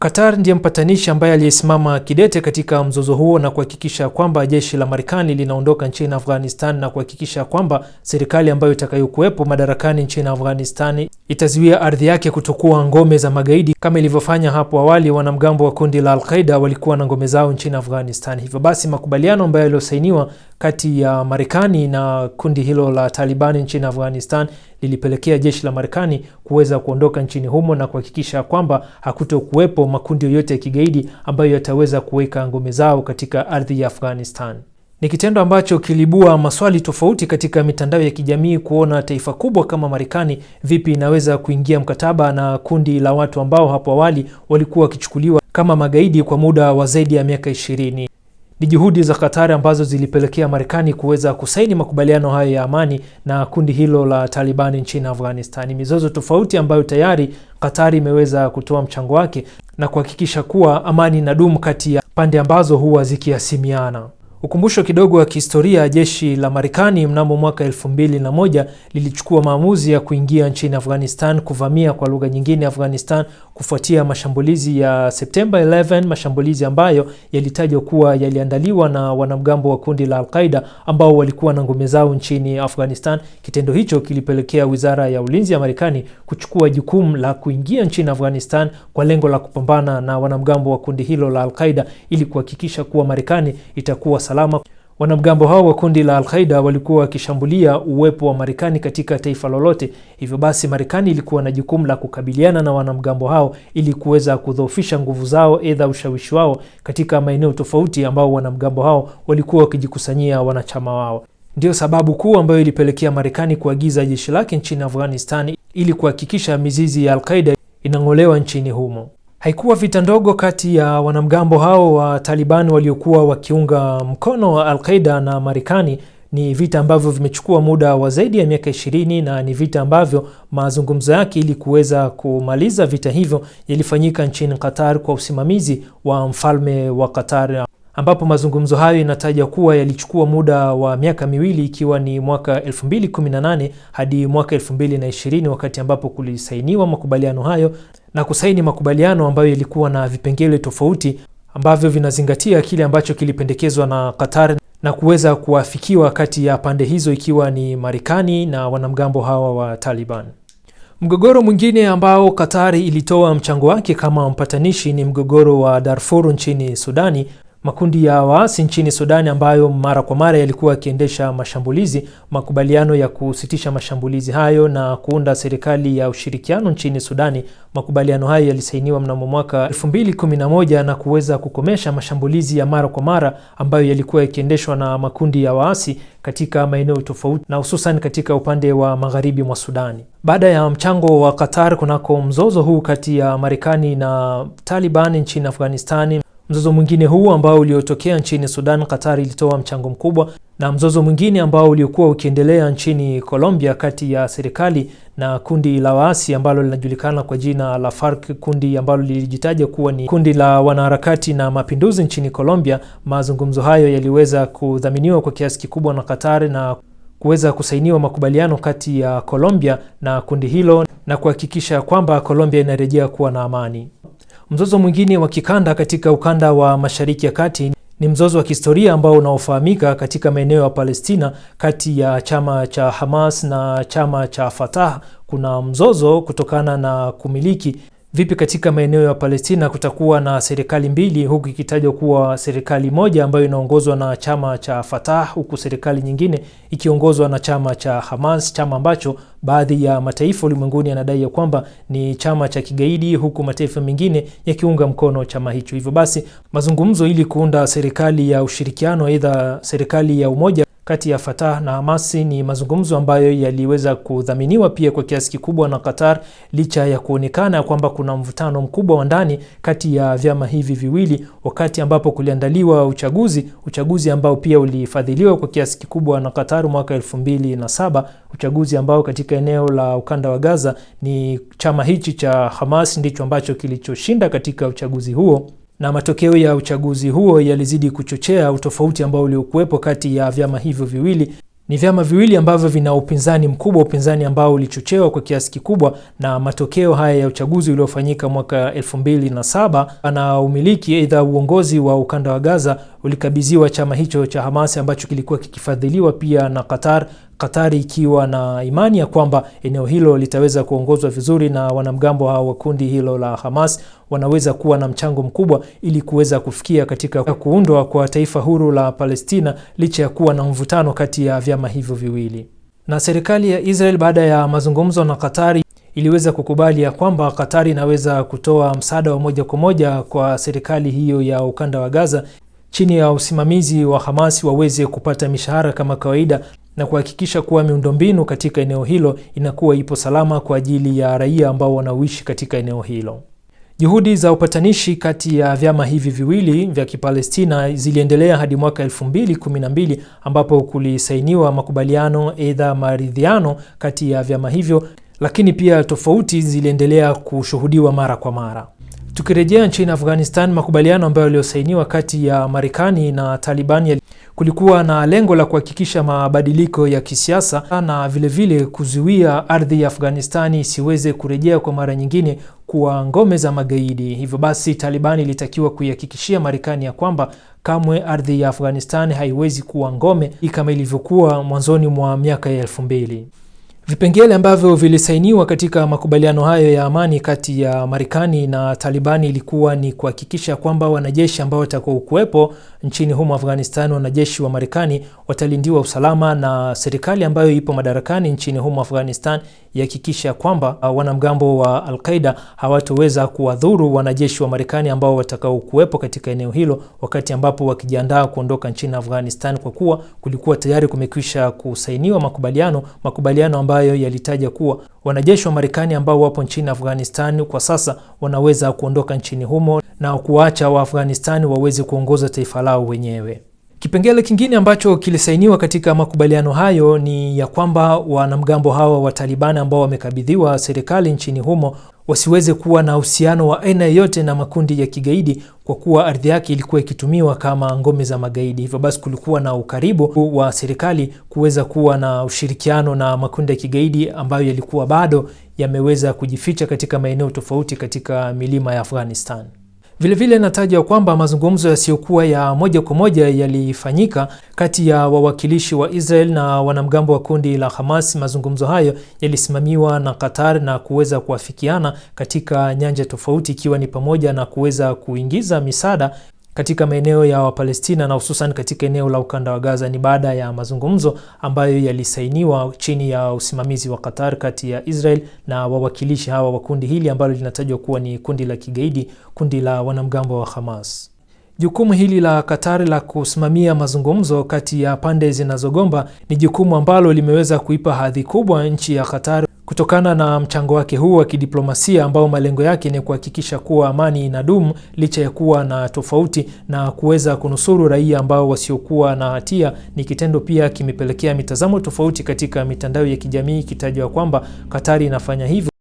Qatar ndiye mpatanishi ambaye aliyesimama kidete katika mzozo huo na kuhakikisha kwamba jeshi la Marekani linaondoka nchini Afghanistan na kuhakikisha kwamba serikali ambayo itakayokuwepo madarakani nchini Afghanistan itazuia ardhi yake kutokuwa ngome za magaidi kama ilivyofanya hapo awali. Wanamgambo wa kundi la Al-Qaeda walikuwa na ngome zao nchini Afghanistan. Hivyo basi, makubaliano ambayo yaliyosainiwa kati ya Marekani na kundi hilo la Talibani nchini Afghanistan lilipelekea jeshi la Marekani kuweza kuondoka nchini humo na kuhakikisha kwamba hakutokuwepo makundi yoyote ya kigaidi ambayo yataweza kuweka ngome zao katika ardhi ya Afghanistan. Ni kitendo ambacho kilibua maswali tofauti katika mitandao ya kijamii kuona taifa kubwa kama Marekani vipi inaweza kuingia mkataba na kundi la watu ambao hapo awali walikuwa wakichukuliwa kama magaidi kwa muda wa zaidi ya miaka ishirini. Ni juhudi za Katari ambazo zilipelekea Marekani kuweza kusaini makubaliano hayo ya amani na kundi hilo la Talibani nchini Afghanistan. Mizozo tofauti ambayo tayari Katari imeweza kutoa mchango wake na kuhakikisha kuwa amani inadumu kati ya pande ambazo huwa zikiasimiana. Ukumbusho kidogo wa kihistoria, jeshi la Marekani mnamo mwaka 2001 lilichukua maamuzi ya kuingia nchini Afghanistan, kuvamia kwa lugha nyingine Afghanistan kufuatia mashambulizi ya September 11, mashambulizi ambayo yalitajwa kuwa yaliandaliwa na wanamgambo wa kundi la Al-Qaida ambao walikuwa na ngome zao nchini Afghanistan. Kitendo hicho kilipelekea Wizara ya Ulinzi ya Marekani kuchukua jukumu la kuingia nchini Afghanistan kwa lengo la kupambana na wanamgambo wa kundi hilo la Al-Qaida ili kuhakikisha kuwa Marekani itakuwa salama. Wanamgambo hao wa kundi la alqaida walikuwa wakishambulia uwepo wa Marekani katika taifa lolote. Hivyo basi, Marekani ilikuwa na jukumu la kukabiliana na wanamgambo hao ili kuweza kudhoofisha nguvu zao, aidha ushawishi wao katika maeneo tofauti ambao wanamgambo hao walikuwa wakijikusanyia wanachama wao. Ndiyo sababu kuu ambayo ilipelekea Marekani kuagiza jeshi lake nchini Afghanistan ili kuhakikisha mizizi ya alqaida inang'olewa nchini humo. Haikuwa vita ndogo kati ya wanamgambo hao wa Taliban waliokuwa wakiunga mkono Al-Qaeda na Marekani. Ni vita ambavyo vimechukua muda wa zaidi ya miaka 20 na ni vita ambavyo mazungumzo yake ili kuweza kumaliza vita hivyo yalifanyika nchini Qatar kwa usimamizi wa mfalme wa Qatar ambapo mazungumzo hayo inataja kuwa yalichukua muda wa miaka miwili ikiwa ni mwaka 2018 hadi mwaka 2020 wakati ambapo kulisainiwa makubaliano hayo na kusaini makubaliano ambayo yalikuwa na vipengele tofauti ambavyo vinazingatia kile ambacho kilipendekezwa na Qatar na kuweza kuafikiwa kati ya pande hizo ikiwa ni Marekani na wanamgambo hawa wa Taliban. Mgogoro mwingine ambao Qatar ilitoa mchango wake kama mpatanishi ni mgogoro wa Darfur nchini Sudani Makundi ya waasi nchini Sudani ambayo mara kwa mara yalikuwa yakiendesha mashambulizi, makubaliano ya kusitisha mashambulizi hayo na kuunda serikali ya ushirikiano nchini Sudani. Makubaliano hayo yalisainiwa mnamo mwaka 2011 na kuweza kukomesha mashambulizi ya mara kwa mara ambayo yalikuwa yakiendeshwa na makundi ya waasi katika maeneo tofauti na hususan katika upande wa magharibi mwa Sudani. Baada ya mchango wa Qatar kunako mzozo huu kati ya Marekani na Taliban nchini Afghanistani, Mzozo mwingine huu ambao uliotokea nchini Sudan, Qatar ilitoa mchango mkubwa, na mzozo mwingine ambao uliokuwa ukiendelea nchini Colombia kati ya serikali na kundi la waasi ambalo linajulikana kwa jina la FARC, kundi ambalo lilijitaja kuwa ni kundi la wanaharakati na mapinduzi nchini Colombia. Mazungumzo hayo yaliweza kudhaminiwa kwa kiasi kikubwa na Qatar na kuweza kusainiwa makubaliano kati ya Colombia na kundi hilo na kuhakikisha kwamba Colombia inarejea kuwa na amani. Mzozo mwingine wa kikanda katika ukanda wa Mashariki ya Kati ni mzozo wa kihistoria ambao unaofahamika katika maeneo ya Palestina kati ya chama cha Hamas na chama cha Fatah. Kuna mzozo kutokana na kumiliki Vipi katika maeneo ya Palestina kutakuwa na serikali mbili huku ikitajwa kuwa serikali moja ambayo inaongozwa na chama cha Fatah huku serikali nyingine ikiongozwa na chama cha Hamas, chama ambacho baadhi ya mataifa ulimwenguni yanadai ya kwamba ni chama cha kigaidi, huku mataifa mengine yakiunga mkono chama hicho. Hivyo basi mazungumzo ili kuunda serikali ya ushirikiano, aidha serikali ya umoja kati ya Fatah na Hamasi ni mazungumzo ambayo yaliweza kudhaminiwa pia kwa kiasi kikubwa na Qatar, licha ya kuonekana kwamba kuna mvutano mkubwa wa ndani kati ya vyama hivi viwili, wakati ambapo kuliandaliwa uchaguzi, uchaguzi ambao pia ulifadhiliwa kwa kiasi kikubwa na Qatar mwaka 2007, uchaguzi ambao katika eneo la ukanda wa Gaza ni chama hichi cha Hamas ndicho ambacho kilichoshinda katika uchaguzi huo na matokeo ya uchaguzi huo yalizidi kuchochea utofauti ambao uliokuwepo kati ya vyama hivyo viwili. Ni vyama viwili ambavyo vina upinzani mkubwa, upinzani ambao ulichochewa kwa kiasi kikubwa na matokeo haya ya uchaguzi uliofanyika mwaka 2007 na umiliki aidha uongozi wa ukanda wa Gaza ulikabidhiwa chama hicho cha Hamas ambacho kilikuwa kikifadhiliwa pia na Qatar Katari ikiwa na imani ya kwamba eneo hilo litaweza kuongozwa vizuri na wanamgambo hao wa kundi hilo la Hamas wanaweza kuwa na mchango mkubwa ili kuweza kufikia katika kuundwa kwa taifa huru la Palestina licha ya kuwa na mvutano kati ya vyama hivyo viwili. Na serikali ya Israel baada ya mazungumzo na Katari iliweza kukubali ya kwamba Katari inaweza kutoa msaada wa moja kwa moja kwa serikali hiyo ya ukanda wa Gaza chini ya usimamizi wa Hamas waweze kupata mishahara kama kawaida na kuhakikisha kuwa miundombinu katika eneo hilo inakuwa ipo salama kwa ajili ya raia ambao wanaoishi katika eneo hilo. Juhudi za upatanishi kati ya vyama hivi viwili vya Kipalestina ziliendelea hadi mwaka 2012 ambapo kulisainiwa makubaliano aidha maridhiano kati ya vyama hivyo, lakini pia tofauti ziliendelea kushuhudiwa mara kwa mara. Tukirejea nchini Afghanistan, makubaliano ambayo yaliyosainiwa kati ya Marekani na Taliban kulikuwa na lengo la kuhakikisha mabadiliko ya kisiasa na vilevile vile kuzuia ardhi ya Afghanistani isiweze kurejea kwa mara nyingine kuwa ngome za magaidi. Hivyo basi, Talibani ilitakiwa kuihakikishia Marekani ya kwamba kamwe ardhi ya Afghanistan haiwezi kuwa ngome kama ilivyokuwa mwanzoni mwa miaka ya elfu mbili. Vipengele ambavyo vilisainiwa katika makubaliano hayo ya amani kati ya Marekani na Talibani ilikuwa ni kuhakikisha kwamba wanajeshi ambao watakuwa kuwepo nchini humo Afghanistan, wanajeshi wa Marekani watalindiwa usalama na serikali ambayo ipo madarakani nchini humo Afghanistan ihakikisha kwamba uh, wanamgambo wa al qaeda hawatoweza kuwadhuru wanajeshi wa Marekani ambao watakao kuwepo katika eneo hilo wakati ambapo wakijiandaa kuondoka nchini Afghanistan, kwa kuwa kulikuwa tayari kumekwisha kusainiwa makubaliano makubaliano ambayo ambayo yalitaja kuwa wanajeshi wa Marekani ambao wapo nchini Afghanistan kwa sasa wanaweza kuondoka nchini humo na kuacha Waafghanistani waweze kuongoza taifa lao wenyewe. Kipengele kingine ambacho kilisainiwa katika makubaliano hayo ni ya kwamba wanamgambo hawa wa Taliban ambao wamekabidhiwa serikali nchini humo wasiweze kuwa na uhusiano wa aina yoyote na makundi ya kigaidi kwa kuwa ardhi yake ilikuwa ikitumiwa kama ngome za magaidi. Hivyo basi kulikuwa na ukaribu wa serikali kuweza kuwa na ushirikiano na makundi ya kigaidi ambayo yalikuwa bado yameweza kujificha katika maeneo tofauti katika milima ya Afghanistan. Vilevile nataja kwamba mazungumzo yasiyokuwa ya moja kwa moja yalifanyika kati ya wawakilishi wa Israel na wanamgambo wa kundi la Hamas. Mazungumzo hayo yalisimamiwa na Qatar na kuweza kuafikiana katika nyanja tofauti, ikiwa ni pamoja na kuweza kuingiza misaada katika maeneo ya Wapalestina na hususan katika eneo la ukanda wa Gaza ni baada ya mazungumzo ambayo yalisainiwa chini ya usimamizi wa Qatar kati ya Israel na wawakilishi hawa wa kundi hili ambalo linatajwa kuwa ni kundi la kigaidi, kundi la wanamgambo wa Hamas. Jukumu hili la Qatar la kusimamia mazungumzo kati ya pande zinazogomba ni jukumu ambalo limeweza kuipa hadhi kubwa nchi ya Qatar. Kutokana na mchango wake huu wa kidiplomasia ambao malengo yake ni kuhakikisha kuwa amani inadumu licha ya kuwa na tofauti na kuweza kunusuru raia ambao wasiokuwa na hatia, ni kitendo pia kimepelekea mitazamo tofauti katika mitandao ya kijamii ikitajwa kwamba Katari inafanya hivyo